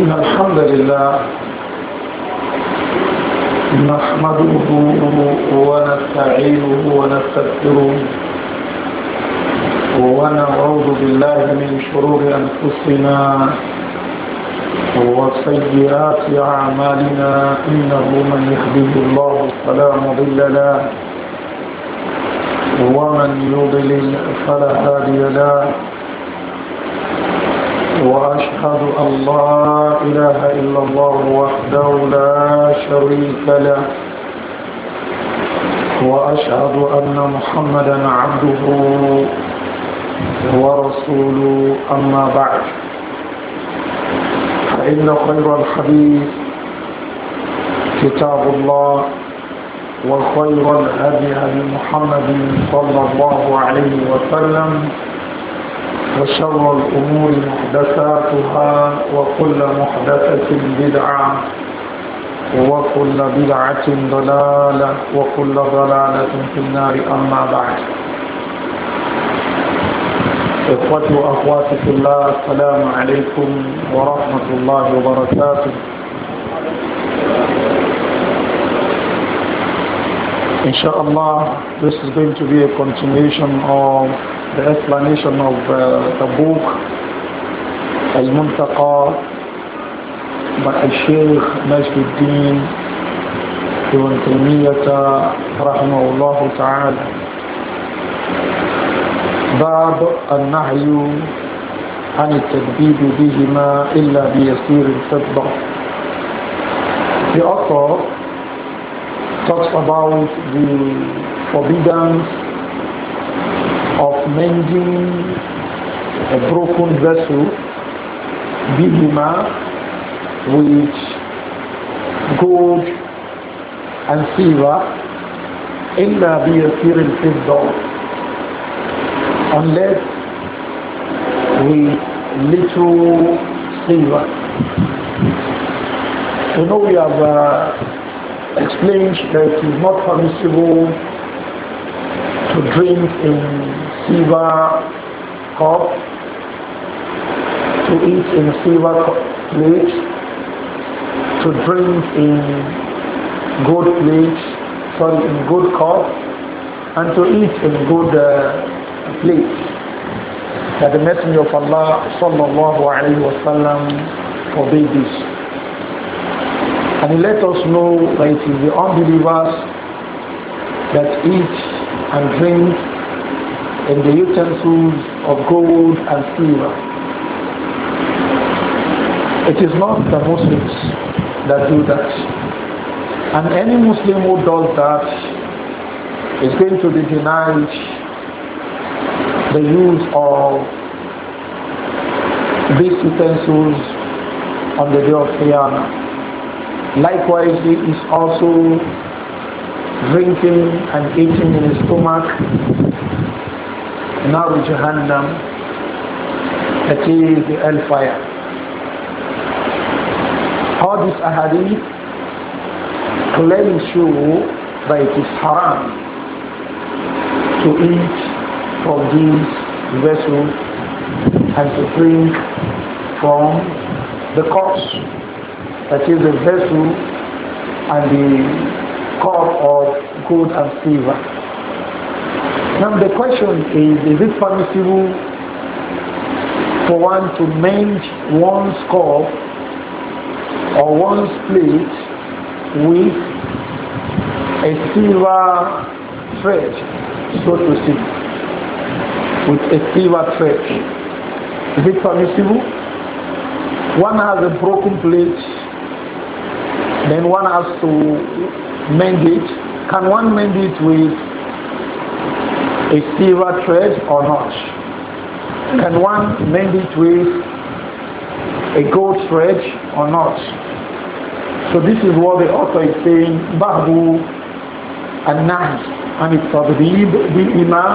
إن الحمد لله نحمده ونستعينه ونستغفره ونعوذ بالله من شرور أنفسنا وسيئات أعمالنا إنه من يهده الله فلا مضل له ومن يضلل فلا هادي له وأشهد أن لا إله إلا الله وحده لا شريك له وأشهد أن محمدا عبده ورسوله أما بعد فإن خير الحديث كتاب الله وخير الهدي محمد صلى الله عليه وسلم وشر الأمور محدثاتها وكل محدثة بدعة وكل بدعة ضلالة وكل ضلالة في النار أما بعد إخوتي وأخواتي في الله السلام عليكم ورحمة الله وبركاته Inshallah, this is going to be a continuation of the explanation of uh, the book Al-Muntaqa by al Sheikh Najduddin Ibn Taymiyyah rahimahullah ta'ala باب النهي عن التدبيب بهما إلا بيسير الفضة The author talks about the forbidden of mending a broken vessel bihima with gold and silver إلا بيسير الفضة unless with little silver you know we have uh, explained that it is not permissible to drink in silver cup, to eat in silver plate, to drink in gold plate, sorry, in gold cup, and to eat in good uh, plate. That the Messenger of Allah sallallahu alayhi wa sallam forbade this. And he let us know that it is the unbelievers that eat and drink and the utensils of gold and silver. It is not the Muslims that do that. And any Muslim who does that is going to be denied the use of these utensils on the day of Qiyamah. Likewise, he is also drinking and eating in his stomach nar now, that is the hellfire all these ahadith clearly show that it is haram to eat from these vessels and to drink from the cups that is the vessel and the cup of gold and silver now the question is, is it permissible for one to mend one's cup or one's plate with a silver thread, so to speak, with a silver thread? Is it permissible? One has a broken plate, then one has to mend it. Can one mend it with a silver thread or not. Can one mend it with a gold thread or not? So this is what the author is saying, Babu and Nahi, and it's Tabdib Bima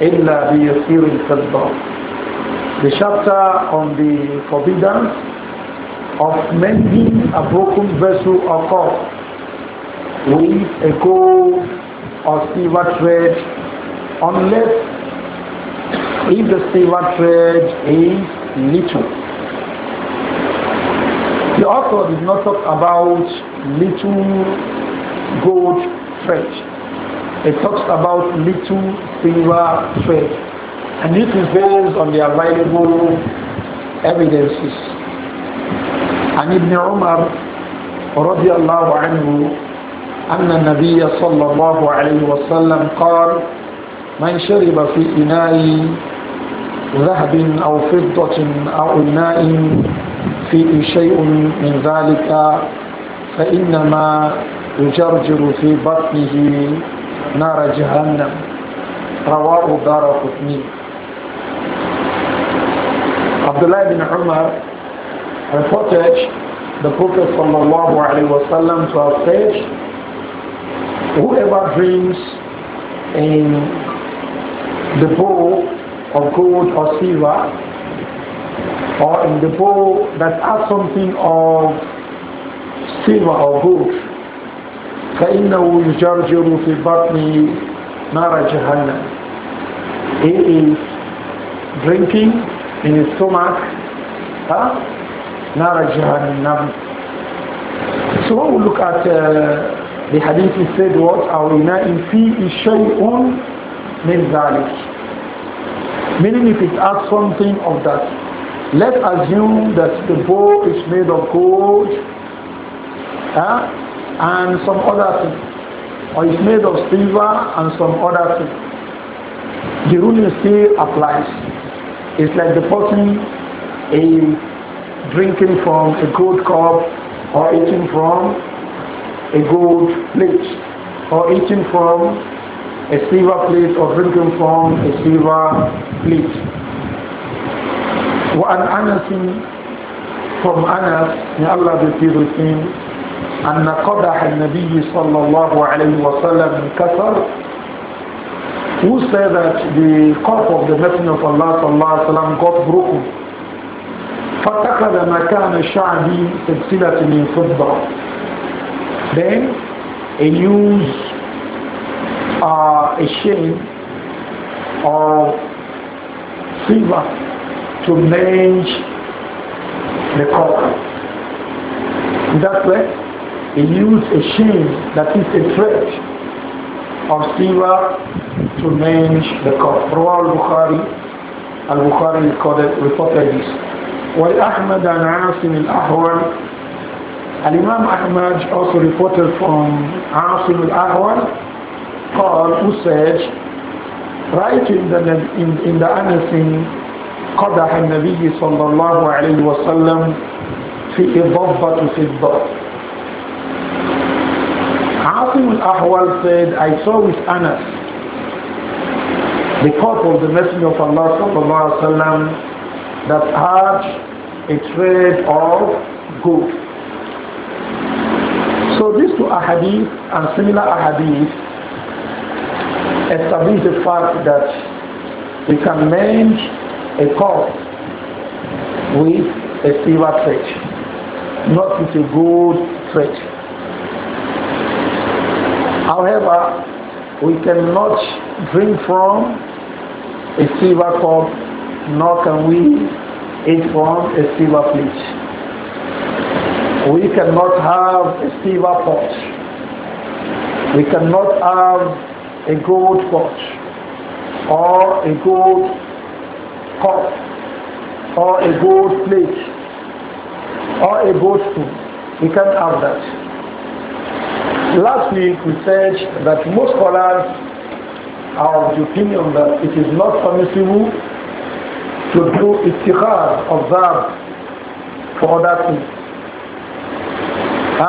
Illa Biyasir al The chapter on the forbiddance of mending a broken vessel or cup with a gold or silver thread unless if the silver thread is little. The author did not talk about little gold thread. It talks about little silver thread, And this is based on the available evidences. And Ibn Umar رضي الله عنه أن النبي صلى الله عليه وسلم قال من شرب في إناء ذهب أو فضة أو إناء فيه شيء من ذلك فإنما يجرجر في بطنه نار جهنم رواه دار قطني عبد الله بن عمر reported the Prophet صلى الله عليه وسلم to have said, whoever drinks in the bowl of gold or silver or in the bowl that has something of silver or gold فإنه يجرجر في بطن نار جهنم He is drinking in his stomach huh? نار جهنم So when we look at uh, the hadith, he said what? أو is showing on min dhalik. Meaning if it adds something of that. Let's assume that the bow is made of gold huh? and some other thing. Or it's made of silver and some other thing. The ruling still applies. It's like the person a drinking from a gold cup or eating from a gold plate or eating from a silver plate or drinking from a silver plate. وعن أنس from Anas may Allah be pleased with him أن قدح النبي صلى الله عليه وسلم كسر who said that the cup of the Messenger of Allah صلى الله عليه وسلم got broken فاتخذ مكان شعبي سلسلة من فضة then a used are ashamed of silver to manage the copper. In that way, he used a shame that is a threat of silver to manage the copper. Rawal Bukhari, Al-Bukhari reported this. وَلِأَحْمَدَ al عَاصِمِ الْأَحْوَلِ Al-Imam Ahmad also reported from Asim al-Ahwal قال who said right in the in, in the anything قدح النبي صلى الله عليه وسلم في إضافة في الضغط Asim al-Ahwal said, I saw with Anas the cup of the Messenger of Allah sallallahu alaihi wasallam that had a thread of gold. So these two ahadith and similar ahadith establish the fact that we can mend a cup with a silver thread, not with a gold thread. However, we cannot drink from a silver cup, nor can we eat from a silver plate. We cannot have a silver pot. We cannot have a gold watch or a gold cup or a gold plate or a gold spoon. We can't have that. Last week we said that most scholars are of the opinion that it is not permissible to do istikhar of that for other things.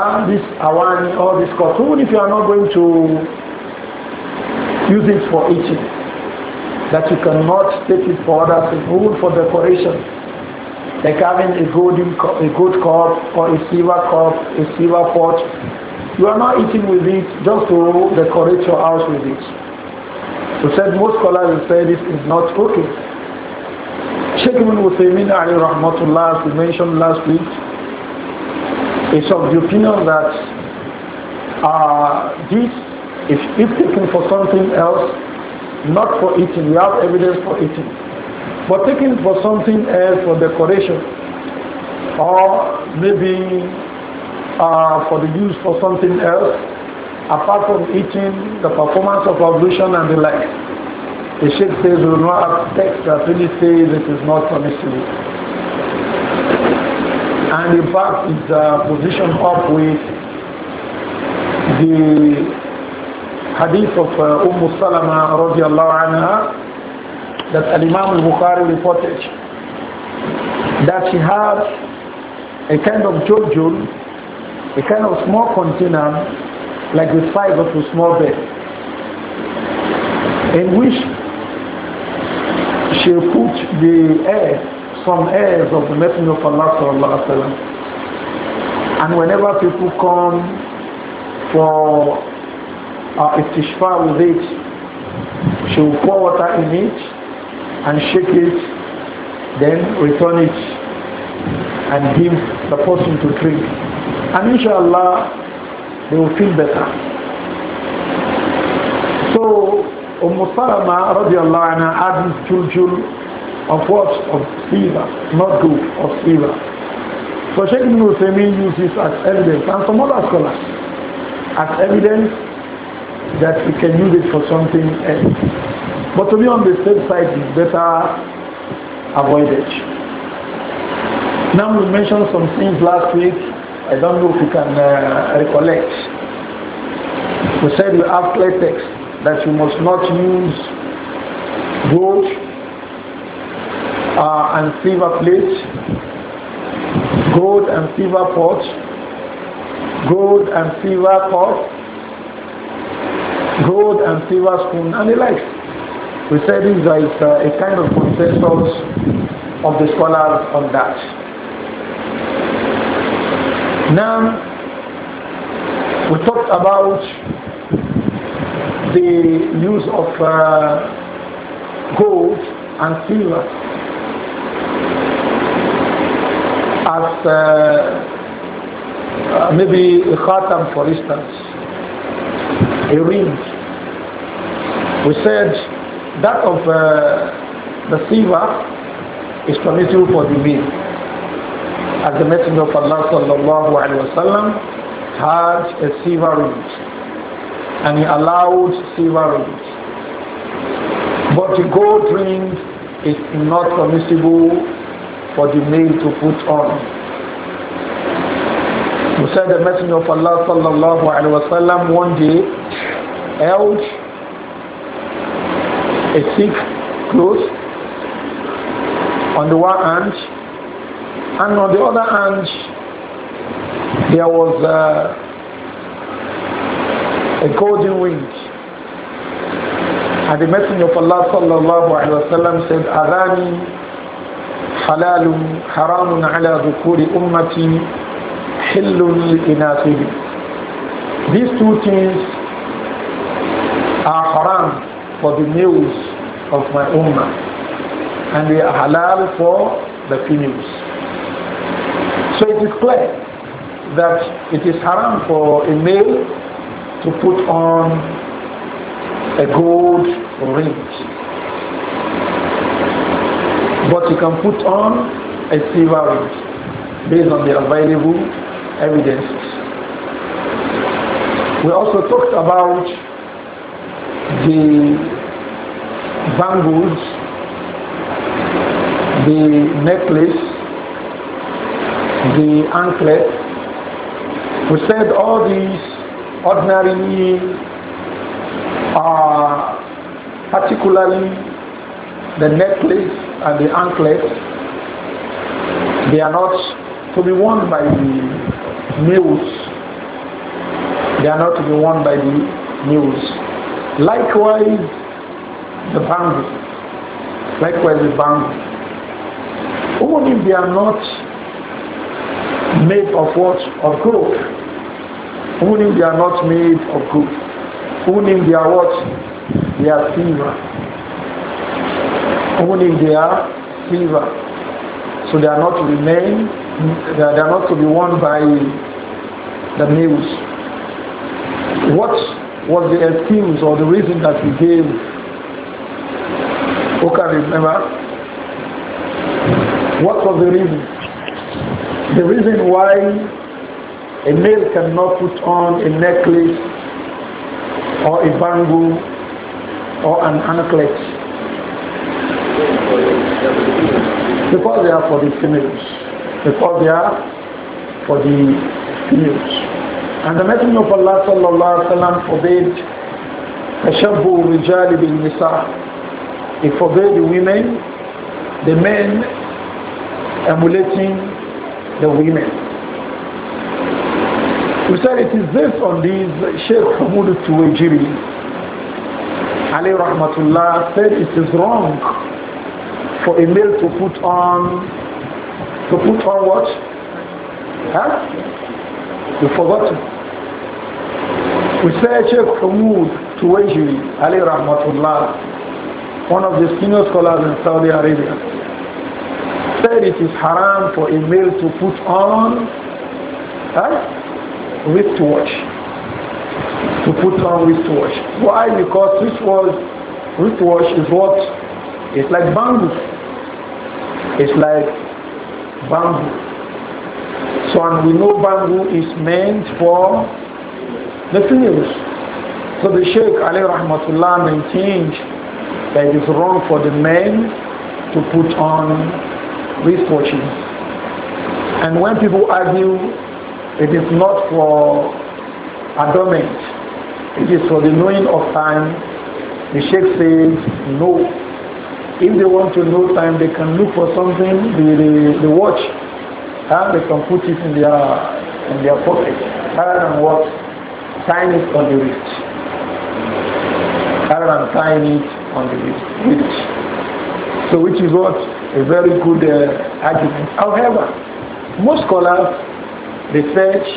And this awani or this cartoon if you are not going to use it for eating. That you cannot take it for other It's for decoration. Like having a golden a gold cup or a silver cup, a silver pot. You are not eating with it just to decorate your house with it. So said most scholars say this is not cooking. Sheikh Ibn Uthaymin Ali Rahmatullah as we mentioned last week is of the opinion that uh, this if, if taken for something else, not for eating, we have evidence for eating. But taken for something else for decoration, or maybe uh, for the use for something else, apart from eating, the performance of ablution and the like. The Sheikh says we will not have text that really says it is not permissible. And in fact, it's uh, position up with the hadith of uh, Umm Salama radiallahu anha that Imam al-Bukhari reported that she had a kind of jojul, a kind of small container like the size of a small bed in which she put the air, some airs of the Messenger of Allah sallallahu wa wasallam. And whenever people come for uh, istishfa with it. She will pour water in it and shake it, then return it and give the person to drink. And inshallah, they will feel better. So, Umm Salama radiallahu anha had this jul of what? Of fever, not good, of fever. So Sheikh Ibn Uthaymeen uses this as evidence and some other scholars as evidence that we can use it for something else. But to be on the safe side is better avoided. Now we mentioned some things last week. I don't know if you can uh, recollect. We said we have clear text that you must not use gold uh, and silver plates, gold and silver pots, gold and silver pots, gold and silver spoon and the like. We said this is uh, a kind of consensus of the scholars on that. Now, we talked about the use of uh, gold and silver as uh, uh maybe a khatam for instance a ring. We said that of uh, the silver is permissible for the male. As the Messenger of Allah sallallahu alaihi wasallam had a silver ring, and he allowed silver rings. But the gold ring is not permissible for the male to put on. Who said the Messenger of Allah sallallahu alaihi wasallam one day held a thick cloth on the one hand, and on the other hand there was uh, a golden wind. And the Messenger of Allah sallallahu alaihi wasallam said, "Adani halalun haramun ala ummati." These two things are haram for the males of my ummah and they are halal for the females. So it is clear that it is haram for a male to put on a gold ring. But he can put on a silver ring based on the available Evidence. We also talked about the bangles, the necklace, the anklet. We said all these ordinarily are particularly the necklace and the anklet. They are not to be worn by the News, They are not to be worn by the news. Likewise, the bangle. Likewise, the bangle. Even if they are not made of what? Of gold. Even if they are not made of gold. Even if they are what? They are fever. Even if they are silver. So they are not to be they are not to be worn by the news. What was the excuse or the reason that he gave? Who can remember? What was the reason? The reason why a male cannot put on a necklace or a bangle or an anklet because they are for the females because they are for the News And the Messenger of Allah sallallahu alaihi wasallam forbade tashabbu rijal bil nisa. He forbade the women, the men emulating the women. We said it is this on these Sheikh Hamoud Tuwajiri. Ali Rahmatullah said it is wrong for a male to put on to put on what? Huh? You've We say Sheikh Hamoud Tuwaji Ali Rahmatullah, one of the senior scholars in Saudi Arabia, said it is haram for a male to put on huh, wristwatch. To put on wristwatch. Why? Because wristwatch, wristwatch is what? It's like bamboo. It's like bamboo. So and we know bamboo is meant for the females. So the Sheikh Ali Rahmatullah maintained that it is wrong for the men to put on wristwatches. And when people argue it is not for adornment, it is for the knowing of time, the Sheikh says no. If they want to know time, they can look for something, the, the, the watch Huh? They can put it in their in their pocket. Rather than what? Tying it on the wrist. Rather than tying it on the wrist. So which is what? A very good uh, argument. However, most scholars research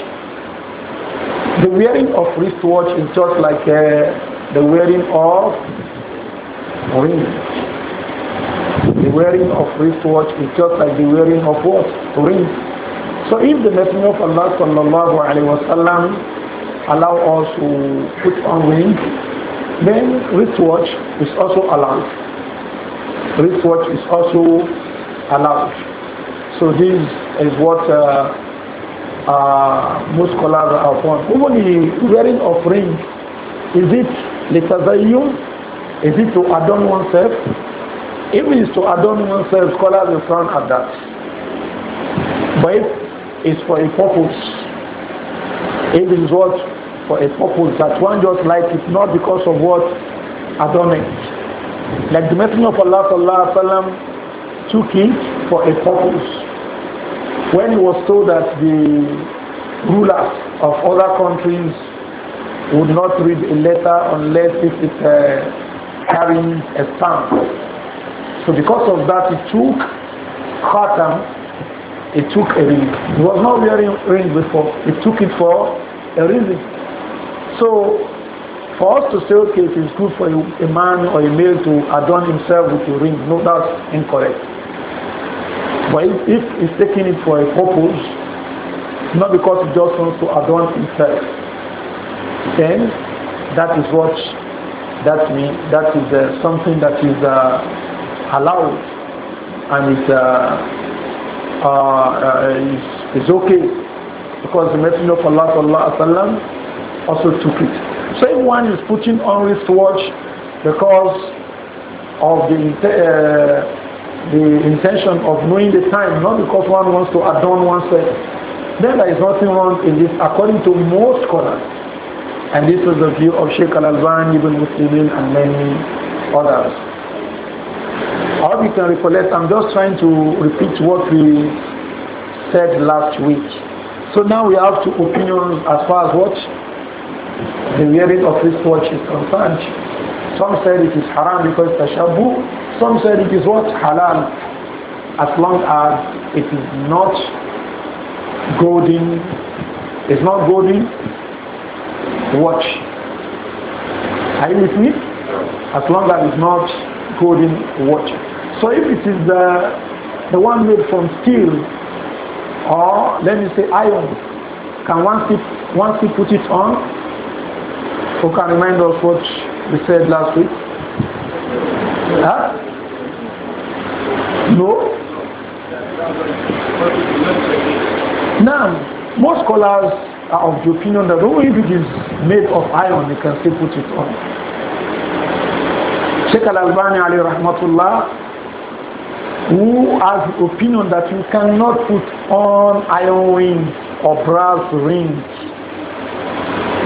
the wearing of wristwatch is just like uh, the wearing of ring. The wearing of wristwatch is just like the wearing of what? Ring. So if the Messenger of Allah sallallahu alayhi wa sallam allow us to put on ring, then wristwatch is also allowed. Wristwatch is also allowed. So this is what uh, uh, most scholars are upon. Even the wearing of ring, is it litazayyum? Is it to adorn oneself? Even it's to adorn oneself, scholars will frown at that. But if it's for a purpose, if it's what for a purpose that one just likes it, not because of what adornment. Like the Messenger of Allah sallallahu alaihi wasallam took it for a purpose. When he was told that the rulers of other countries would not read a letter unless it is it uh, carrying a stamp so because of that, he took khatam, he took a ring. He was not wearing ring before. He took it for a reason. So for us to say, okay, it is good for a man or a male to adorn himself with a ring, no, that's incorrect. But if, if he's taking it for a purpose, not because he just wants to adorn himself, then that is what that means. That is uh, something that is uh, halal and uh, uh, uh, it's, it's okay because the Messenger of Allah sallallahu also took it. So everyone is putting on wristwatch because of the, uh, the intention of knowing the time, not because one wants to adorn oneself. Then there is nothing wrong in this according to most scholars. And this was the view of Sheikh Al-Alban, Ibn Muslimin and many others hope can recollect, I'm just trying to repeat what we said last week. So now we have two opinions as far as what the wearing of this watch is concerned. Some said it is haram because it's shabu. Some said it is what? Halal. As long as it is not golden, it's not golden watch. Are you with me? As long as it's not golden watch. So if it is the, the one made from steel or let me say iron, can one still, one still put it on? Who can remind us what we said last week? Huh? No? Now, most scholars are of the opinion that only if it is made of iron, they can still put it on. Sheikh Al-Albani alayhi rahmatullah who has the opinion that you cannot put on iron rings or brass rings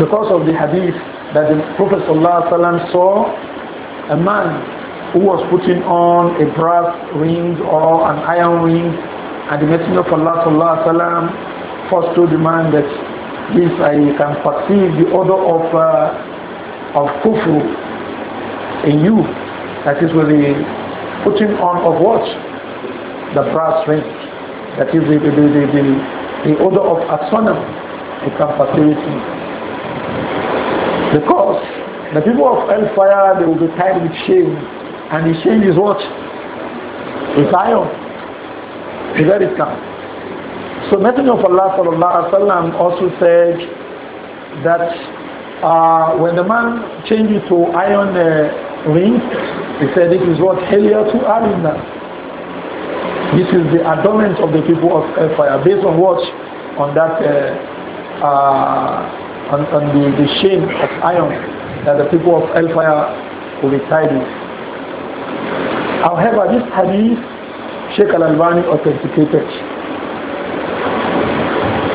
because of the hadith that the Prophet saw a man who was putting on a brass ring or an iron ring and the Messenger of Allah ﷺ first told the man that this I can perceive the odor of uh, of kufru in you that is with the putting on of what the brass ring. That is the, the, the, the, the odor of arsenic. to come perceive Because the people of hellfire, they will be tied with shame. And the shame is what? It's iron. It's very calm. So Messenger of Allah sallallahu alaihi wasallam also said that uh, when the man changes to iron uh, ring, he said it is what Helia to Alina. This is the adornment of the people of fire based on what? On that, uh, uh, on, on the, the, shame of iron that the people of hellfire will be tied However, this hadith, Sheikh Al-Albani authenticated.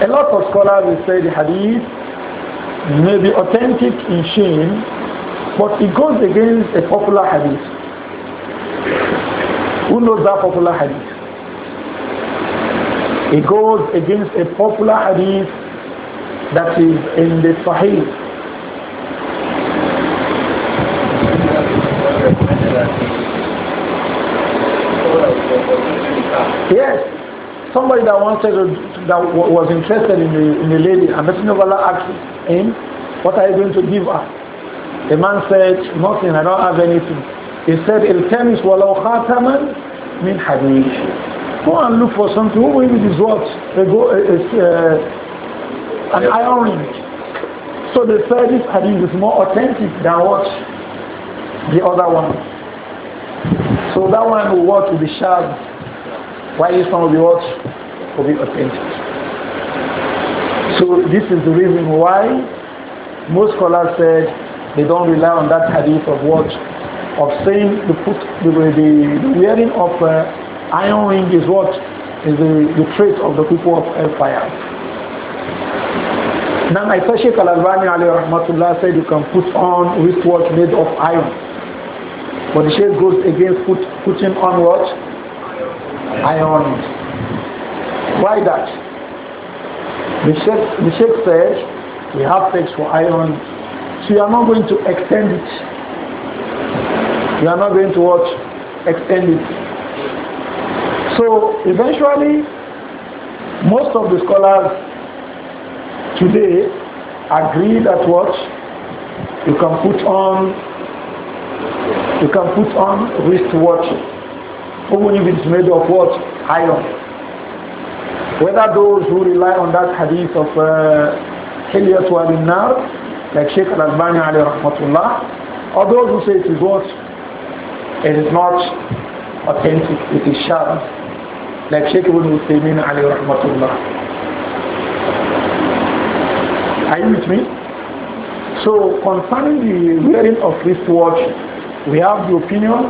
A lot of scholars will say the hadith may be authentic in shame, but it goes against a popular hadith. Who knows that popular hadith? It goes against a popular hadith that is in the Sahih. Yes, somebody that wanted to, that was interested in the, in the lady, and Messenger of Allah asked him, "What are you going to give her?" The man said, "Nothing. I don't have anything." He said, "Iltamis walau khataman min hadith." Go and look for something. Who will is what? go, an iron ring. So the say hadith is more authentic than what the other one. So that one will watch will be sharp. Why is one will be what? Will be authentic. So this is the reason why most scholars said they don't rely on that hadith of what of saying the put the, the, the wearing of uh, Iron ring is what is the, the trait of the people of empire. Now my Sheikh Al-Albani rahmatullah said you can put on wristwatch made of iron. But the Sheikh goes against put, putting on what? Iron. Why that? The Sheikh, the Sheikh says we have text for iron. So you are not going to extend it. You are not going to what? Extend it. So eventually, most of the scholars today agree that what you can put on you can put on wristwatch even if it's made of what iron whether those who rely on that hadith of Hilyat uh, nar like Sheikh Al-Albani alayhi rahmatullah or those who say it is what it is not authentic it is shard like Sheikh Ibn Uthaymeen Ali Rahmatullah. Are you with me? So concerning the wearing of wristwatch, we have the opinion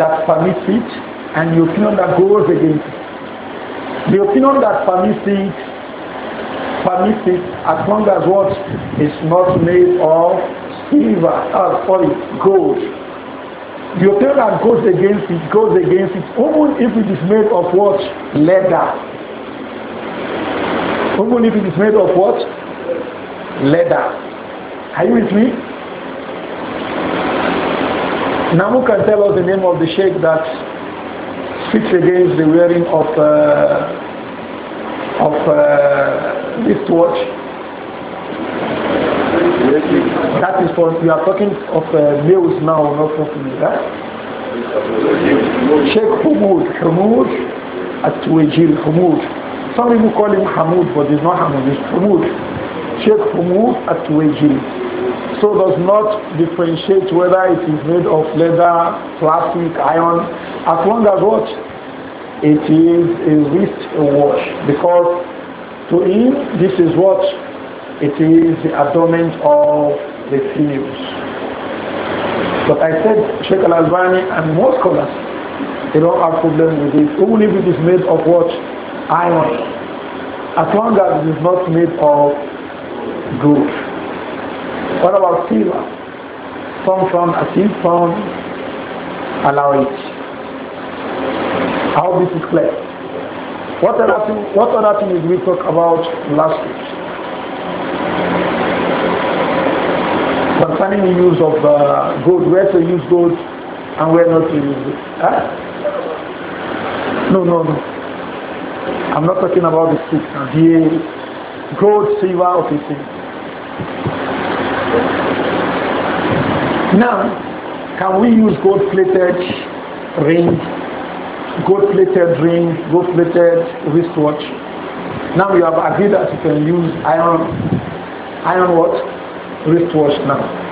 that permits it and the opinion that goes against it. The opinion that permits it permits it as long as what is not made of silver, uh, sorry, gold the tailor that goes against it goes against it, even if it is made of what? Leather. Even if it is made of what? Leather. Are you with me? Namu can tell us the name of the sheikh that speaks against the wearing of uh, of uh, this watch. That is for you are talking of uh, males now, not for females. that. Sheikh Humud, Humud, Atwajil Humud. Some people call him Hamud, but it's not Hamud, it's Humud. Sheikh Humud Atwajil so does not differentiate whether it is made of leather, plastic, iron, as long as what? It is a wrist watch because to him this is what it is the adornment of the thieves. But I said Sheikh Al-Albani and most scholars, they don't have problem with this. Only if it is made of what? Iron. As long as it is not made of gold. What about silver? Some from Asil, found, allow it. How this is clear. What other, thing, what other thing did we talk about last week? determine the use of uh, gold, where to use gold and where not to use it. Huh? No, no, no. I'm not talking about the six. The gold, silver, or okay, Now, can we use gold-plated ring, gold-plated ring, gold-plated wristwatch? Now you have agreed that you can use iron, iron what? Wristwatch now.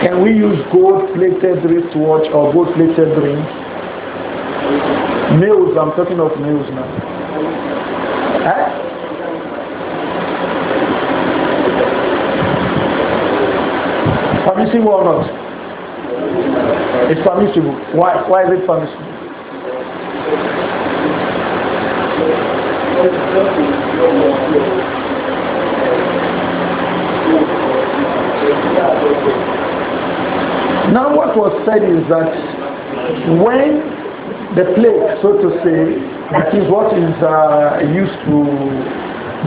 Can we use gold-plated wristwatch or gold-plated ring? Nails, I'm talking of nails now. Huh? Permissible or not? It's permissible. Why, why is it permissible? Thank you. Now what was said is that when the plague, so to say, that is what is uh, used to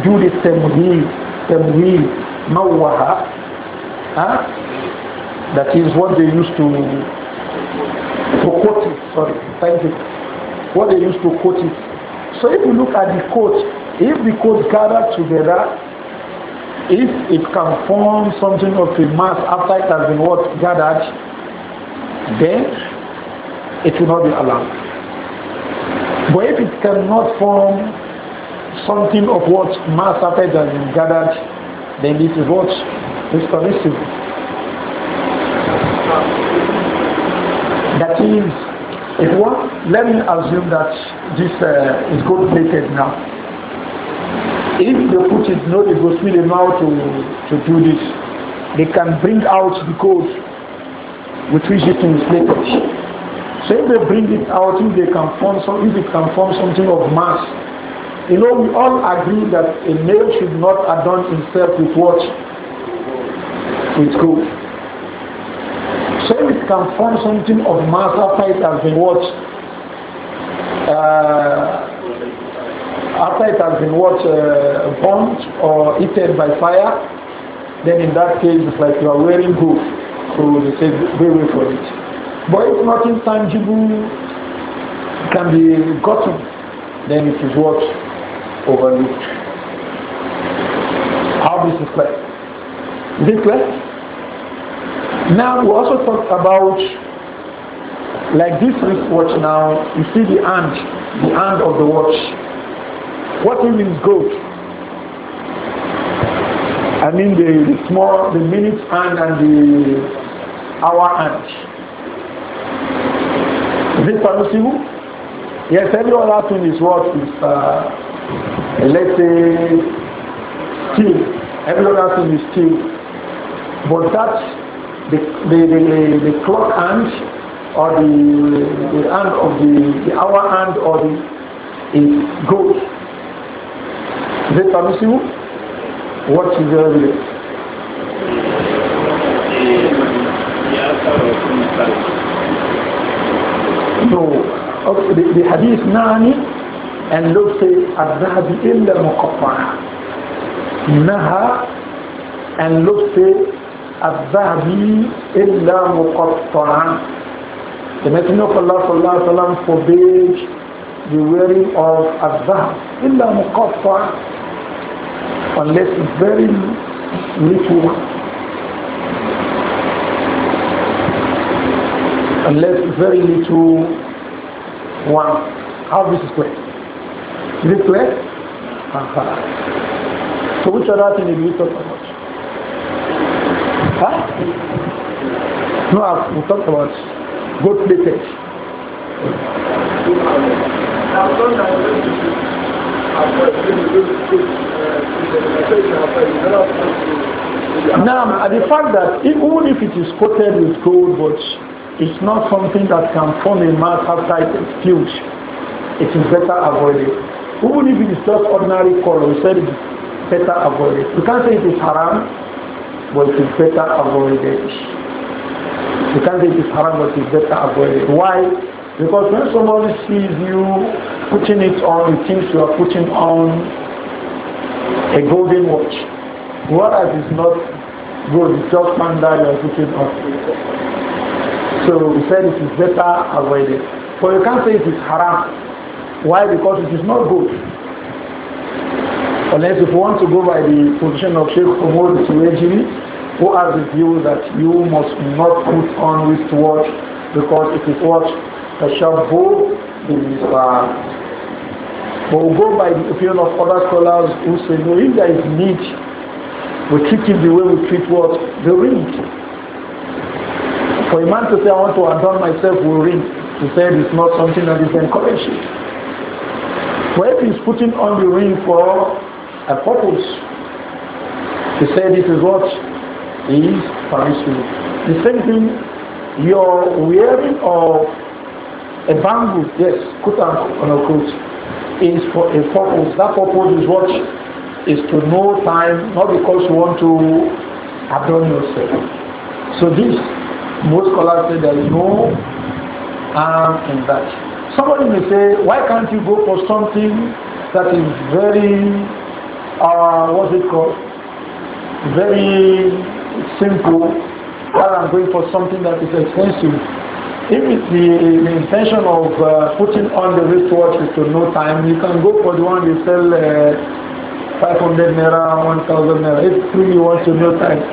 do the temwheel, temwheel, mawaha, huh? that is what they used to, to quote it, sorry, thank you, what they used to quote it. So if you look at the quote, if the quote gathered together, if it can form something of a mass after it has been what gathered, then it will not be allowed. But if it cannot form something of what mass after it has been gathered, then this what is permissible. That is, if one, let me assume that this uh, is completed now if they put it, not it goes to, to do this. They can bring out the code with which it is slated. So if they bring it out, if they can form some, if it can form something of mass, you know, we all agree that a male should not adorn himself with what? With gold. So if it can form something of mass after it has been what? Uh, after it has been washed, uh, burnt or eaten by fire, then in that case it's like you are wearing hoof. So they say go away for it. But if nothing tangible can be gotten, then it is what overlooked. How this is clear? Is it clear? Now we also talked about like this wristwatch now, you see the hand, the hand of the watch. What if it is gold? I mean the, the small, the minute hand and the hour hand. Is it permissible? Yes, every other thing is what is, uh, let's say, steel. Every other thing is steel. But the, the, the, the, clock hand or the, the hand of the, the hour hand or the is gold. Is it permissible? What is your evidence? So, the, hadith Nani and Lord says, الذهب إلا مقطعة نهى and Lord says, الذهب إلا مقطعا The Messenger of Allah صلى الله عليه وسلم forbade the wearing of الذهب إلا مقطعا unless very little unless very little one how this is clear is it clear uh -huh. so which other thing did we talk about huh? no uh, we talked about good places now, the fact that even if it is coated with gold, but it's not something that can form a mass outside it explodes, it is better avoided. Even if it is just ordinary color, we said it is better avoided. You can't say it is haram, but it is better avoided. You can't say it is haram, but it is better avoided. Why? Because when somebody sees you putting it on, he thinks you are putting on a golden watch. Whereas it's not gold, it's just panda you are putting on. So we said it is better avoided. But you can't say it is haram. Why? Because it is not good. Unless if you want to go by the position of Sheikh Omar Suwejiri, who has the view that you must not put on wristwatch because it is watch tashabbu binnisa. But we go by the opinion of other scholars who say, no, if there is need, we treat it the way we treat what? The ring. For a man to say, I want to adorn myself with ring, he said it's not something that is encouraging. But if he's putting on the ring for a purpose, he said this is what is permissible. The same thing, your wearing of a bangle, yes, a unquote, is for a purpose. That purpose is what? Is to know time, not because you want to adorn yourself. So this, most scholars say there is no harm in that. Somebody may say, why can't you go for something that is very, uh, what's it called? Very simple, while I'm going for something that is expensive. If it's the, the intention of uh, putting on the wristwatch is to know time, you can go for the one you sell uh, 500 naira, 1000 naira. If truly want to know time,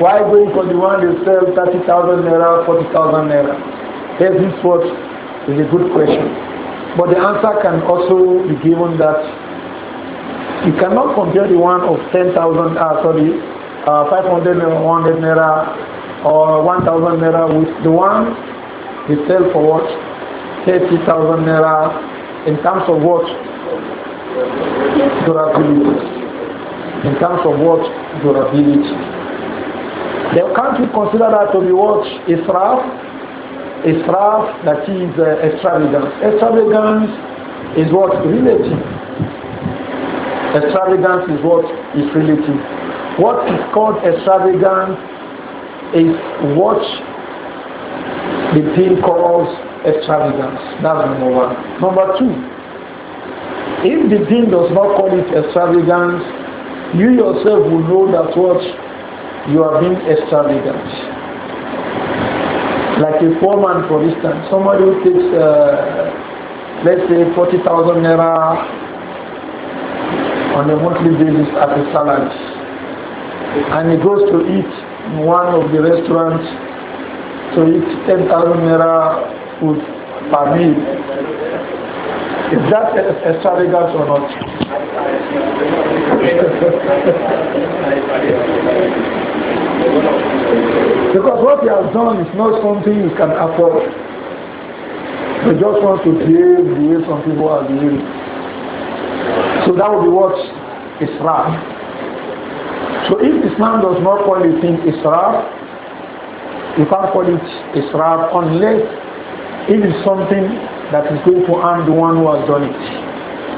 why going for the one you sell 30,000 naira, 40,000 naira? this watch is a good question. But the answer can also be given that you cannot compare the one of 10,000, uh, ah, sorry, uh, 500 naira, 100 naira, or 1,000 naira with the one he sell for what? 30,000 naira in terms of what? Durability. In terms of what? Durability. The can't consider that to be what? Israf? Israf, that is uh, extravagance. Extravagance is what? Relative. Extravagance is what? Is relative. What is called extravagance is what the thing calls extravagance. That's number one. Number two, if the dean does not call it extravagance, you yourself will know that what you are being extravagant. Like a poor man, for instance, somebody who takes, uh, let's say, 40,000 naira on a monthly basis as a salary, and he goes to eat in one of the restaurants so if 10,000 naira per permit, is that extravagance or not? because what he has done is not something you can afford. He just wants to behave the way some people are behaving. So that would be what is wrong. So if Islam does not call the thing Israf, you can't call it israf unless it is something that is going to harm the one who has done it.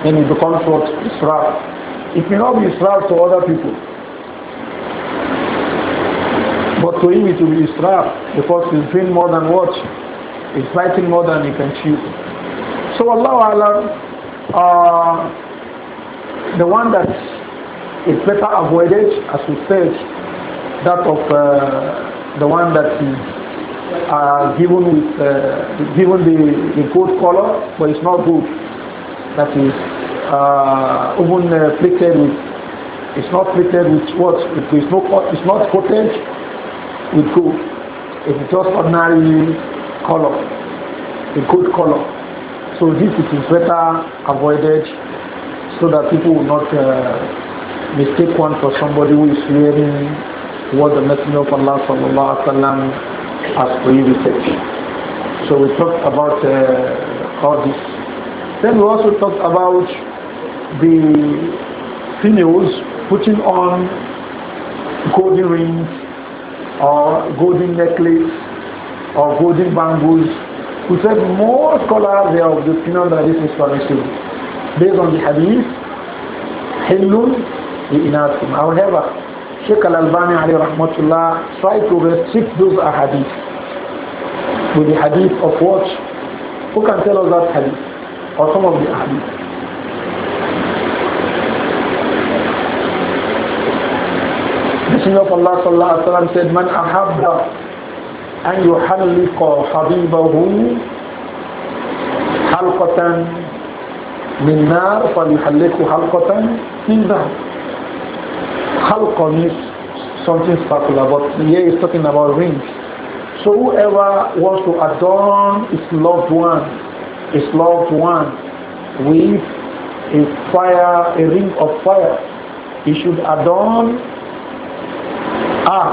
Then it becomes what israf. It may not be israf to other people. But to him it will be israf because he's doing more than what? He's fighting more than he can chew. So Allah Allah, uh, the one that is better avoided, as we said, that of uh, the one that is uh, given with uh, given the, the gold color but it's not good that is uh, even uh, plated with it's not plated with what it's no it's not coated with good. it's just ordinary color a good color so this it is better avoided so that people will not uh, mistake one for somebody who is wearing what the Messenger of Allah sallallahu alaihi wasallam has prohibited. So we talked about uh, this. Then we also talked about the females putting on golden rings or golden necklace or golden bangles. We said more scholars are of the opinion that this is permissible. Based on the hadith, Hillun, the Inasim. However, الشيخ Al-Albani Ali Rahmatullah tried to restrict those ahadith with the hadith of what? Who can tell us that hadith? Or some of the hadith? Messenger of Allah sallallahu alaihi wasallam said, "Man ahabba an yuhalliqa habibahu halqatan min nar falyuhalliqu halqatan min nar." halqa means something circular, but here is talking about rings. So whoever wants to adorn his loved one, his loved one with a fire, a ring of fire, he should adorn her,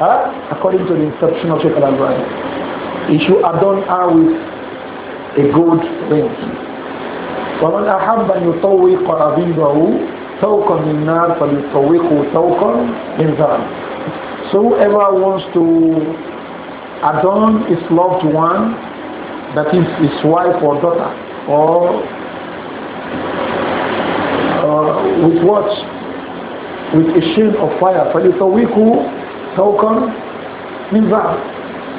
her according to the instruction of Sheikh Al-Albani. He should adorn her with a gold ring. ومن أحب أن يطوق ربيبه ثوقا من نار فليطوقه ثوقا من ذار so whoever wants to adorn his loved one that is his wife or daughter or uh, with what with a sheen of fire فليطوقه ثوقا من ذار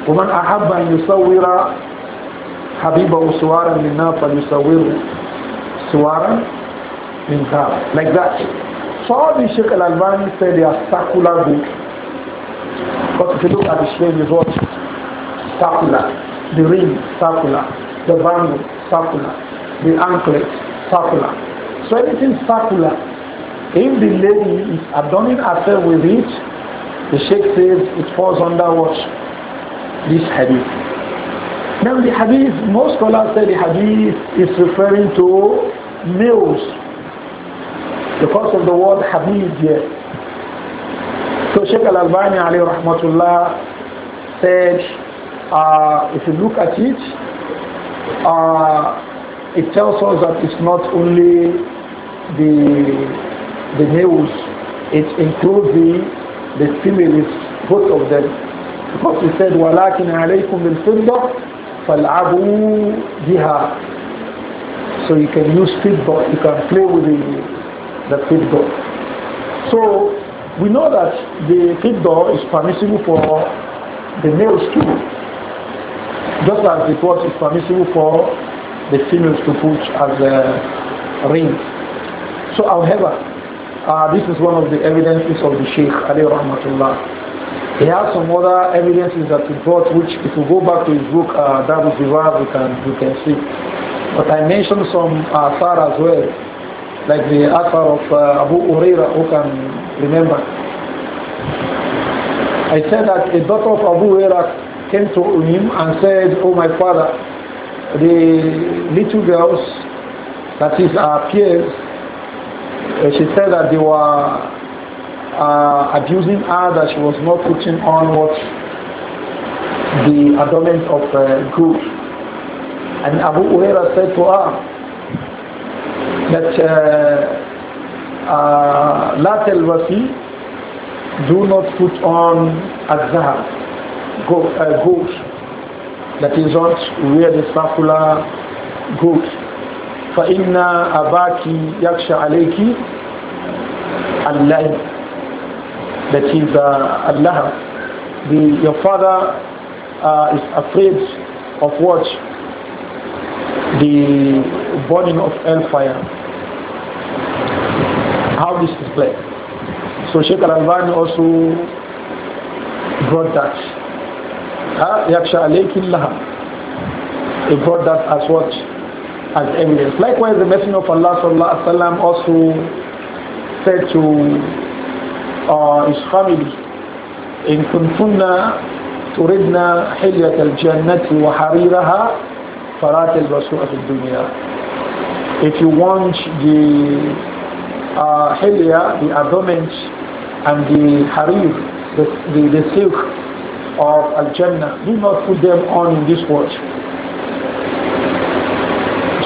ومن أحب أن يصور حبيبه سوارا من نار فليصوره سوارا like that. So all these Sheikh Al-Albani said they are circular books. But if you look at the shape, is what? Circular. The ring, circular. The bangle, circular. The anklet, circular. So anything circular, if the lady is adorning herself with it, the Sheikh says it falls under what? This hadith. Now the hadith, most scholars say the hadith is referring to males the because of the word Habib here. So Sheikh Al-Albani alayhi rahmatullah said, uh, if you look at it, uh, it tells us that it's not only the, the males, it includes the, the females, both of them. Because he said, وَلَكِنْ عَلَيْكُمْ بِالْفِضَّةِ فَالْعَبُوا بِهَا So you can use feedback, you can play with the the door. So we know that the door is permissible for the males too, just as the was is permissible for the females to put as a ring. So however, uh, this is one of the evidences of the Sheikh Ali Rahmatullah. He has some other evidences that he brought which if we go back to his book uh, Dabu Zivar we can, we can see. But I mentioned some uh, as well like the author of uh, Abu Uraira who can remember. I said that a daughter of Abu Uraira came to him and said, Oh my father, the little girls, that is our peers, uh, she said that they were uh, abusing her, that she was not putting on what the adornment of uh, good. And Abu Uraira said to her, that لا uh, تلبسي uh, do not put on a uh, gold, uh, goat, that is not wear the circular gold فإن أباك يخشى عليك اللعب that is uh, Allah the, your father uh, is afraid of what the burning of hellfire how this is played. So Sheikh Al-Albani also brought that. Yaksha He brought that as what? As evidence. Likewise, the Messenger of Allah sallallahu alaihi wasallam also said to uh, his family, إن كنتن تردن حلية الجنة وحريرها فلا تلبسوها في الدنيا. If you want the uh, hilia, the adornment and the harif, the, the, the silk of Al-Jannah. Do not put them on in this world.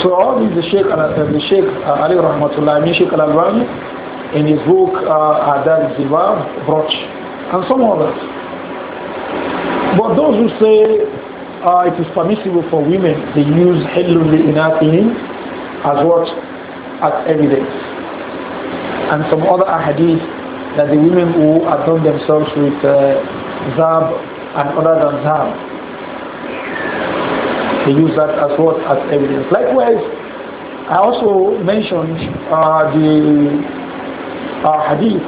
So all these the Sheikh, uh, the Sheikh uh, Ali Rahmatullah, I mean Sheikh Al-Albani, in his book uh, Adab Zibab, brought, and some others. But those who say uh, it is permissible for women, to use Hillul Inatinin as what? As evidence and some other ahadith that the women who adorn themselves with uh, zab and other than zab, they use that as what as evidence. Likewise, I also mentioned uh, the uh, hadith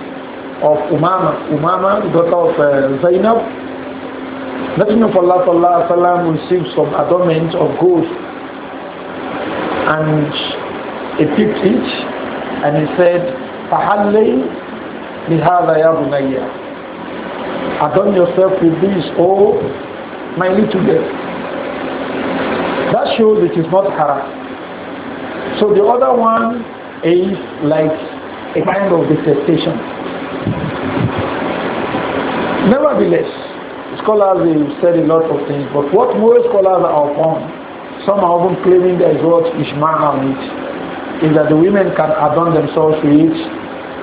of Umama, Umama, daughter of uh, Zainab. Messenger of Allah sallallahu alaihi wasallam received some adornment of gold, and a picked it, and he said, فحلي لهذا يا بني adorn yourself with this oh my little girl that shows it is not haram so the other one is like a kind of detestation nevertheless scholars have said a lot of things but what most scholars are upon some are even claiming that is what ishmael is that the women can adorn themselves with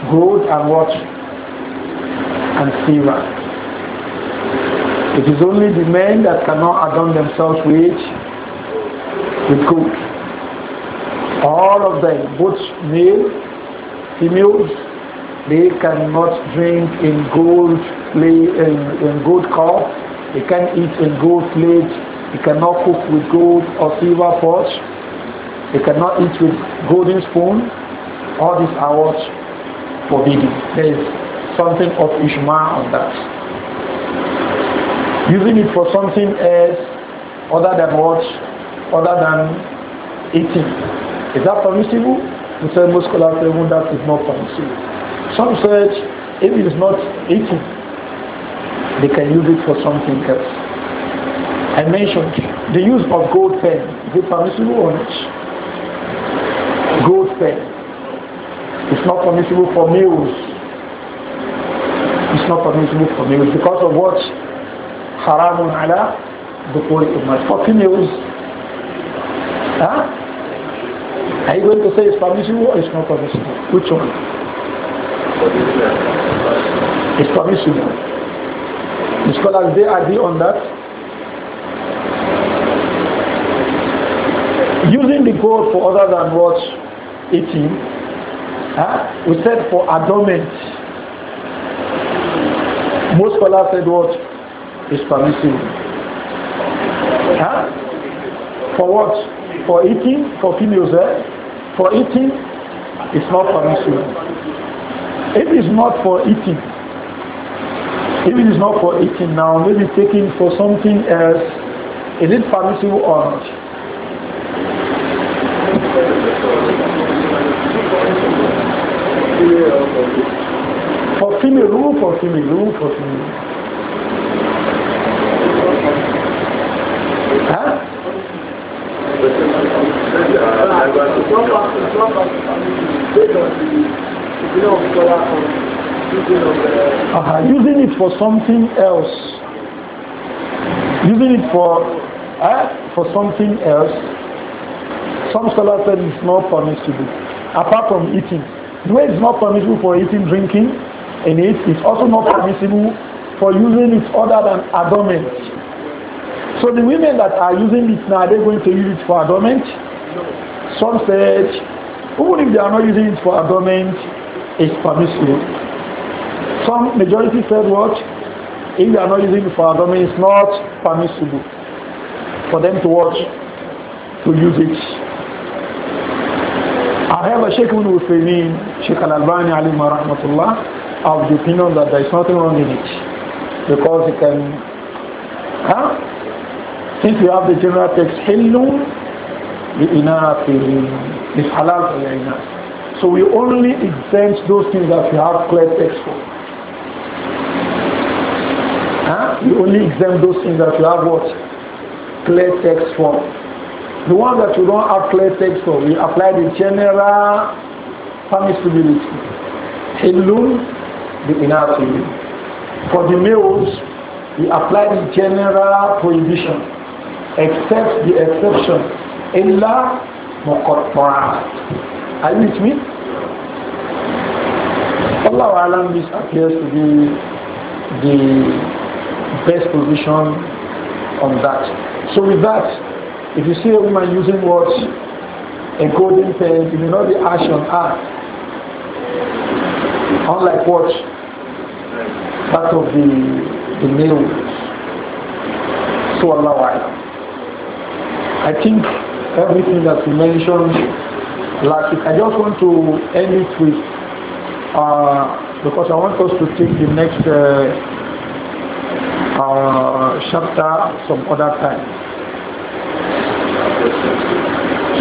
Gold and what? And silver. It is only the men that cannot adorn themselves with, with gold. All of them, both male, females, they cannot drink in gold play in, in gold cup, they can eat in gold plate, they cannot cook with gold or silver pots, they cannot eat with golden spoon. All these are what forbidden. There is something of Ishma on that. Using it for something else other than what? Other than eating. Is that permissible? The say most scholars say well, that is not permissible. Some said if it is not eating, they can use it for something else. I mentioned the use of gold pen. Is it permissible or not? Gold pen. It's not permissible for males. It's not permissible for males because of what? Haramun ala dukhul my For females, huh? are you going to say it's permissible or it's not permissible? Which one? It's permissible. The scholars, they agree on that. using the code for other than what eating Huh? We said for adornment. Most scholars said what is permissible. Huh? For what? For eating, for females, eh? For eating, it's not permissible. If it's not for eating, if it is not for eating now, maybe taking for something else, is it permissible or not? Parfumi roux, for roux, parfumi Hein uh -huh. Uh-huh. Using it for something else. Using it for uh, for something else. Some scholars said it's not permissible, apart from eating. Where it's not permissible for eating, drinking in it, it's also not permissible for using it other than adornment. So the women that are using it now, are they going to use it for adornment? Some said, even if they are not using it for adornment, it's permissible. Some majority said what? If they are not using it for adornment, it's not permissible for them to watch, to use it. I have a Sheikh Ibn Uthaymeen Sheikh Al-Albani Ali Rahmatullah of the opinion that there is nothing wrong in it because it can huh? since you have the general text Hillu is halal for so we only exempt those things that we have clear text for huh? we only exempt those things that we have what clear text for the ones that you don't have clear text for we apply the general permissibility. Hillun the inatili. For the males, we apply the general prohibition, except the exception. Illa muqatta'at. Are you with me? Allah Alam, this appears to be the best position on that. So with that, if you see a woman using words, a golden pen, you may not be ash act. Unlike what? part of the, the males. So Allah I think everything that you mentioned last week, I just want to end it with, uh, because I want us to take the next uh, uh, chapter some other time.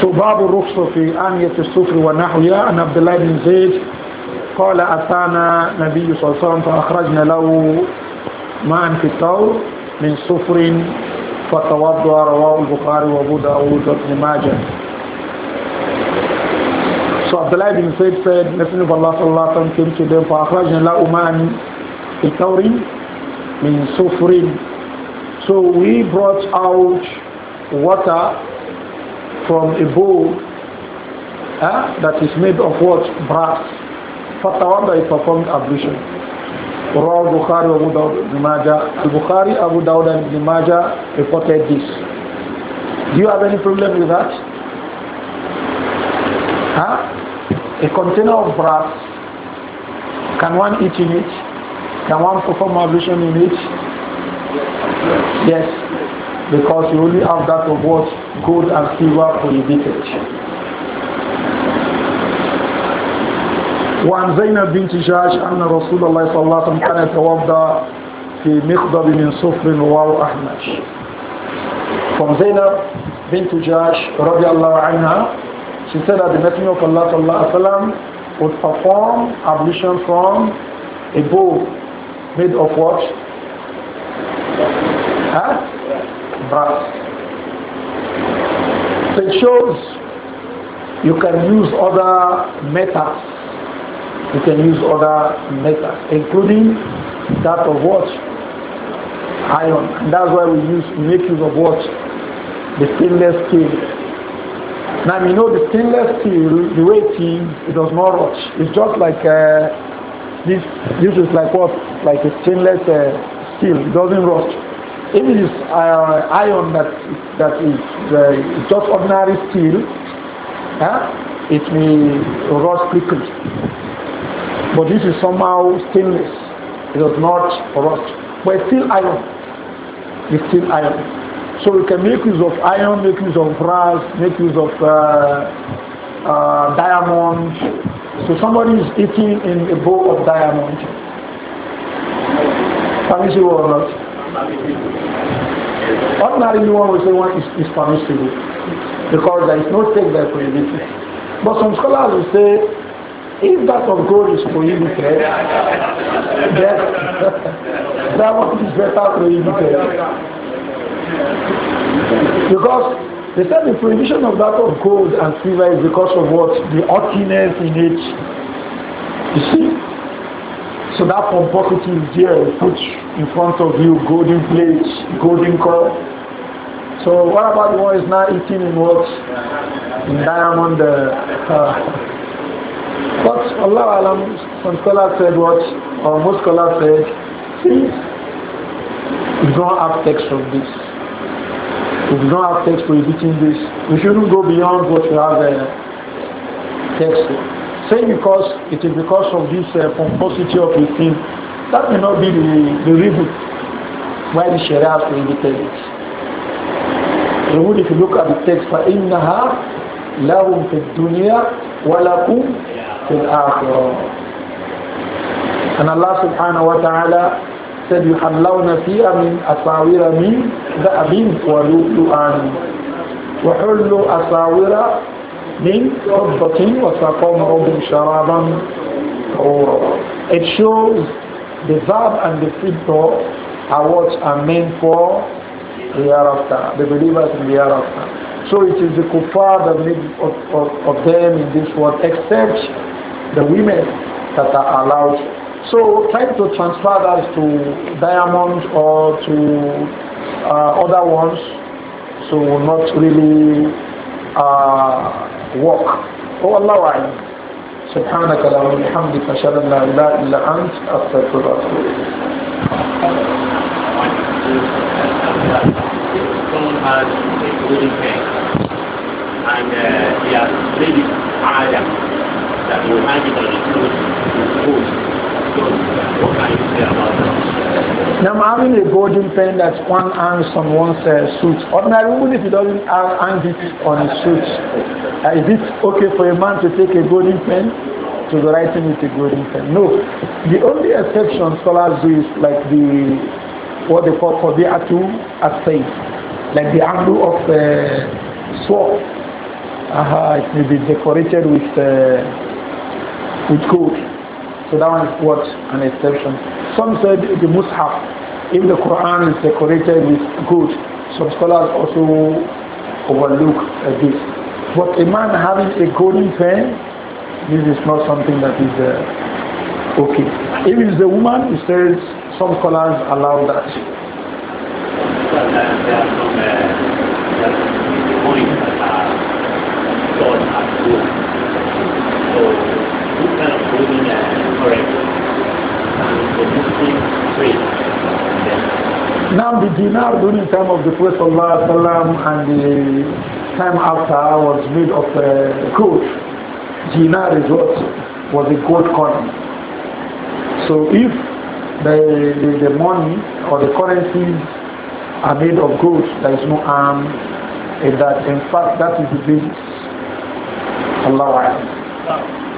So باب الرخصة في آنية السفر ونحوها عن عبد الله بن زيد قال أتانا نبي صلى الله عليه وسلم فأخرجنا له ماء في الطور من سفر فتوضأ رواه البخاري وأبو داود وابن ماجه So Abdullah bin Said said, Messenger of Allah sallallahu alayhi wa sallam came to them, فَأَخْرَجْنَا له لَا في بِتَوْرٍ مِنْ سُفْرٍ So we brought out water from a bowl huh, that is made of what? Brass. Fatawada is performed ablution. Raw Bukhari Abu Dawud Ibn Majah. Bukhari Abu Dawud and Ibn Majah reported this. Do you have any problem with that? Huh? A container of brass, can one eat in it? Can one perform ablution in it? Yes, because you only have that of what? Good and silver prohibited. وعن زينب بنت جاش أن رسول الله صلى الله عليه وسلم كان يتوضأ في مقدب من صفر رواه أحمد. From Zainab bint Jash رضي الله عنها, she said that the Messenger of Allah صلى الله عليه وسلم would perform ablution from a bowl made of what? Huh? Brass. As it shows, you can use other methods. You can use other methods, including that of what? Iron. And that's why we use make use of what? The stainless steel. Now you know the stainless steel, the way it is, it does not rot. It's just like uh, this. This is like what? Like a stainless uh, steel. It doesn't rot. If it is uh, iron that, that is uh, just ordinary steel, huh, it may rust quickly. But this is somehow stainless. It does not rust. But it's still iron. It's still iron. So we can make use of iron, make use of brass, make use of uh, uh diamond. So somebody is eating in a bowl of diamond. Can you see what not? Ordinarily, one will say one is, is permissible because there is no take that prohibited. But some scholars will say if that of gold is prohibited, then that one is better prohibited. Because they said the prohibition of that of gold and silver is because of what? The haughtiness in it. You see? So that pomposity is there, put in front of you golden plates, golden cup. So what about the one is not eating in what? In diamond. Uh, but uh, Allah Alam, some scholars said what, or most scholars said, see, we don't have text from this. If you don't have text for eating this, we shouldn't go beyond what we have uh, text saying because it is because of this uh, pomposity of his sin, that may not be the, the reason why the Sharia has prohibited it. Remove if you look at the text, فَإِنَّهَا لهم في الدنيا ولكم في الآخرة Allah Subhanahu wa Taala said يحلون فيها من أساور من ذهب ولؤلؤا وحلوا أساور من ربة وسقوم رب شرابا It shows the verb and the people are what are meant for the hereafter, the believers in the hereafter. So it is the kuffar that made of, of, of them in this world, except the women that are allowed. So trying to transfer that to diamonds or to uh, other ones, so not really uh, work هو الله أعلم سبحانك اللهم وبحمدك أشهد أن لا إله إلا أنت أستغفرك وأتوب And uh, he has really higher that you hang it on the Now having a golden pen that one hangs on one's uh, suit. Ordinarily, even if he doesn't have it on his suit, uh, is it okay for a man to take a golden pen to the writing with a golden pen? No. The only exception scholars do is like the what they call for the atu asay, like the angle of uh, sword. Uh -huh, it may be decorated with uh, with gold. So that one is what? An exception. Some said the Mus'haf, if the Quran is decorated with gold, some scholars also overlook this. But a man having a golden pen, this is not something that is uh, okay. If it's a woman, it says some scholars allow that. So reading a oracle. Now the dinar during the time of the Prophet and the time after was made of a uh, gold. Dinar is what was a gold coin. So if the, the, the money or the currencies are made of gold, there is no harm in that. In fact, that is the basis. Allah.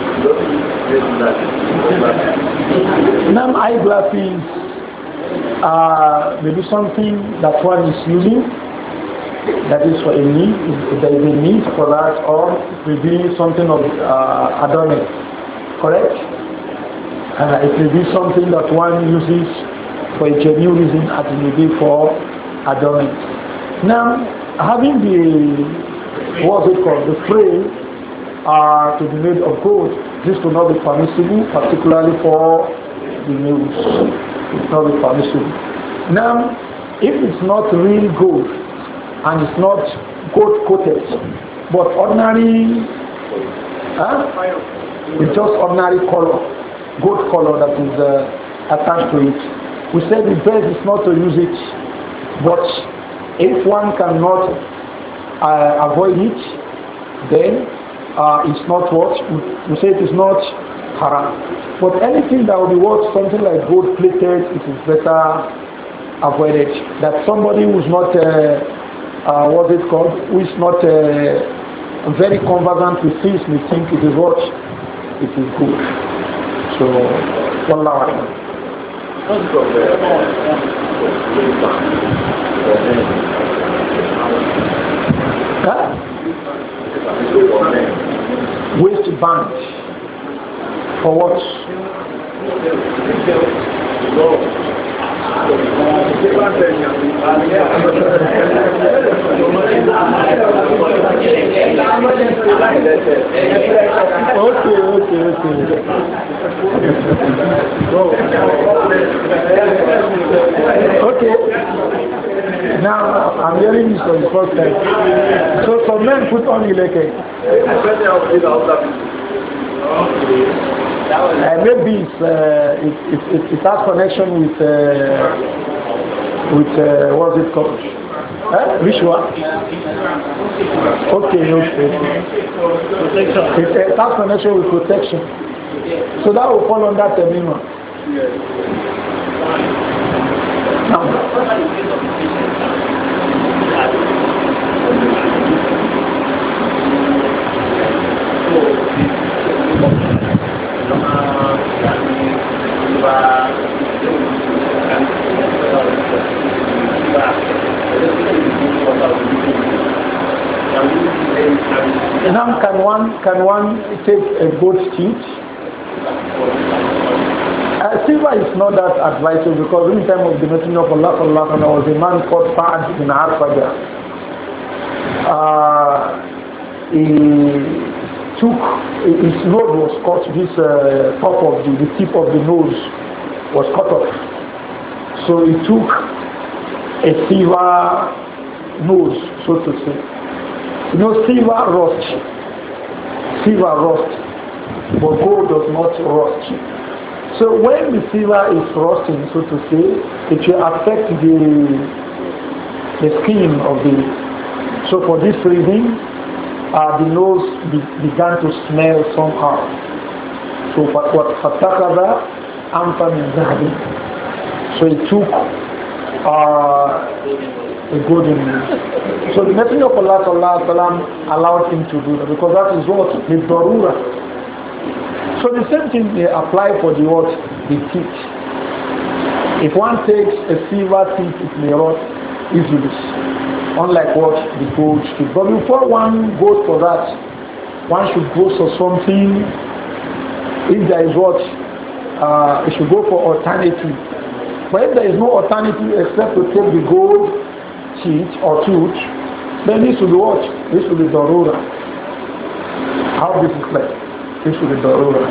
Nam eyeglasses are uh, maybe something that one is using that is for a need, if there is a need for that or maybe something of uh, adornment, correct? And it may be something that one uses for a genuine reason as it may be for adornment. Now, having the, what's it called, the frame uh, to be made of gold. This will not be permissible, particularly for the males. It's not be permissible. Now, if it's not real gold and it's not gold coated, but ordinary, huh? it's just ordinary color, gold color that is uh, attached to it. We said the best is not to use it, but if one cannot uh, avoid it, then uh, is not what? We say it is not haram. But anything that will be worth something like gold plated, it is better avoided. That somebody who's not, uh, uh, what's it called, who is not uh, very conversant with things may think it is what? It is good. So, one. What's banned. For what? okay, okay, okay. okay. Now, I'm hearing this for the first time. So some men put on ileke. Uh, maybe it's, uh, it, it, it, it, has connection with, uh, with uh, what's it called? Huh? Which one? Okay, okay. It, it has connection with protection. So that will fall under Tamima. Now. Thank now can one can one take a goat's teeth? Uh, silver is not that advisable because in time of the Messenger of Allah sallallahu there was a man called Fa'ad bin Arfaja. Uh, took his nose was cut, this uh, top of the, the tip of the nose was cut off. So he took a silver nose, so to say. You know, silver rust. Silver rust. But gold does not rust. So when the silver is rusting, so to say, it will affect the the skin of the so for this reason uh, the nose be, began to smell somehow. So what what So he took uh, a golden nose. So the Messenger of Allah allowed him to do that because that is what the darura. So the same thing they apply for the what the teeth. If one takes a silver teeth, it may rot easily unlike what the coach did. But before one goes for that, one should go for something. If there is what, uh, it should go for alternative. But if there is no alternative except to take the gold sheet or tooth, then this should be what? This should be Dorura. How this is like. This should be Dorura.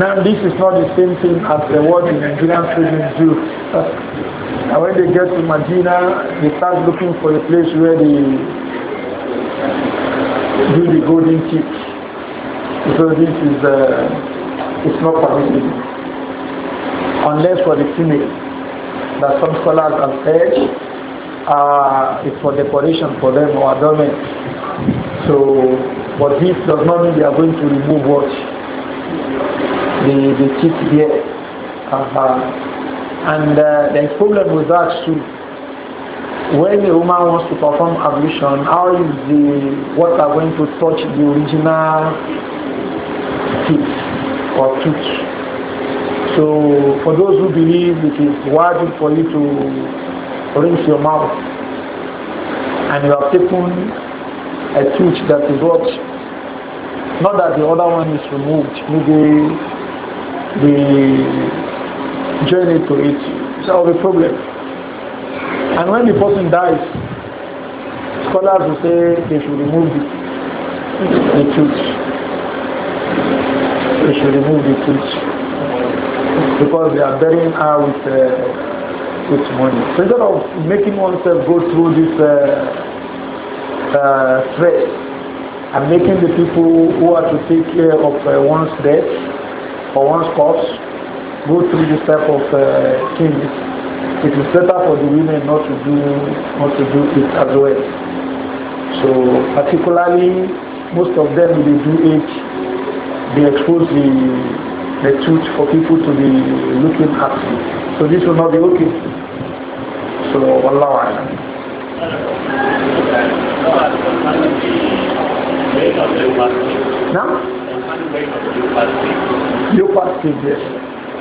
Now this is not the same thing as the word in Nigerian prison do. And when they get to Medina, they start looking for a place where they do the golden kick. So this is uh, it's not permitted. Unless for the female. That some scholars have said uh, it's for decoration for them or adornment. So, but this does not mean they are going to remove what? The, the kick here. Uh -huh. And uh, there is problem with that too. When a woman wants to perform ablution, how is the water going to touch the original teeth or tooth? So for those who believe it is wajib for you to rinse your mouth and you have taken a tooth that is what not that the other one is removed, maybe the Journey to it. That will be a problem. And when the person dies, scholars will say they should remove the, the tooth. They should remove the tooth. Because they are burying her with, uh, with money. So instead of making oneself go through this uh, uh, stress and making the people who are to take care of uh, one's death or one's corpse go through this type of uh, things, it is better for the women not to do not to do it as well. So particularly, most of them they do it, they expose the the truth for people to be looking at. So this will not be okay. So Allah. Now? Leopard skin, yes.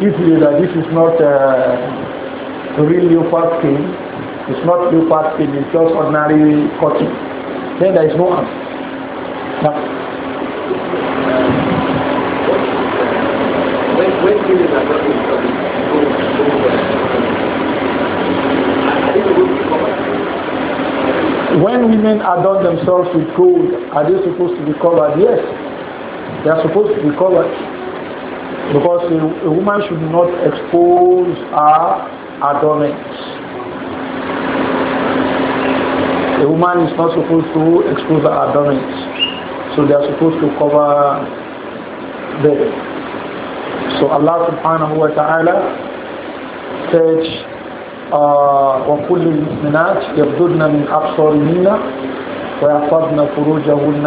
if you that this is not uh, real new skin, it's not new skin, it's just ordinary cotton, then there is no harm. No. When women adorn themselves with gold, are they supposed to be covered? Yes, they are supposed to be covered. Because a, a woman should not expose her adornments. A woman is not supposed to expose her adornments. So they are supposed to cover them. So Allah subhanahu wa ta'ala says uh, وكل المؤمنات يبدلن من أبصارهن ويحفظن فروجهن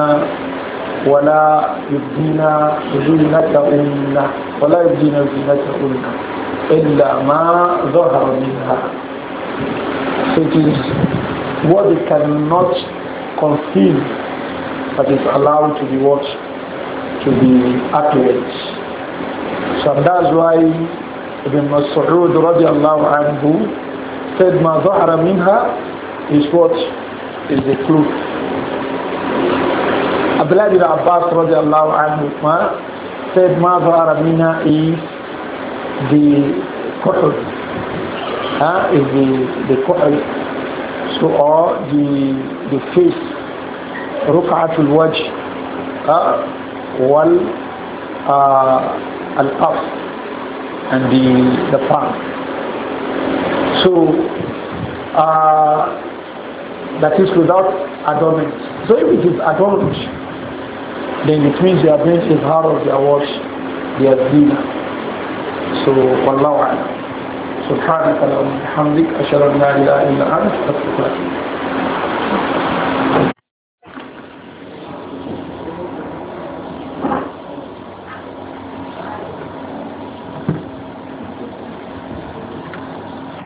ولا يبدين زينتهن ولا يبدين زينتهن إلا ما ظهر منها it is what they cannot conceal that is allowed to be what to be accurate so that's why Ibn Mas'ud radiallahu anhu said ma ظهر منها is what is the truth." Abdullah bin Abbas radiallahu anhu said al Mina is the Kuhl huh? is the, the Kuhl so or the, the face Ruk'atul Wajh uh, wal uh, al-Qaf and the, the palm so uh, that is without adornment so if it is adorned then it means they are doing izhar of their they are deed. So, wallahu a'lam. سبحانك اللهم وبحمدك أشهد أن لا إله إلا أنت أستغفرك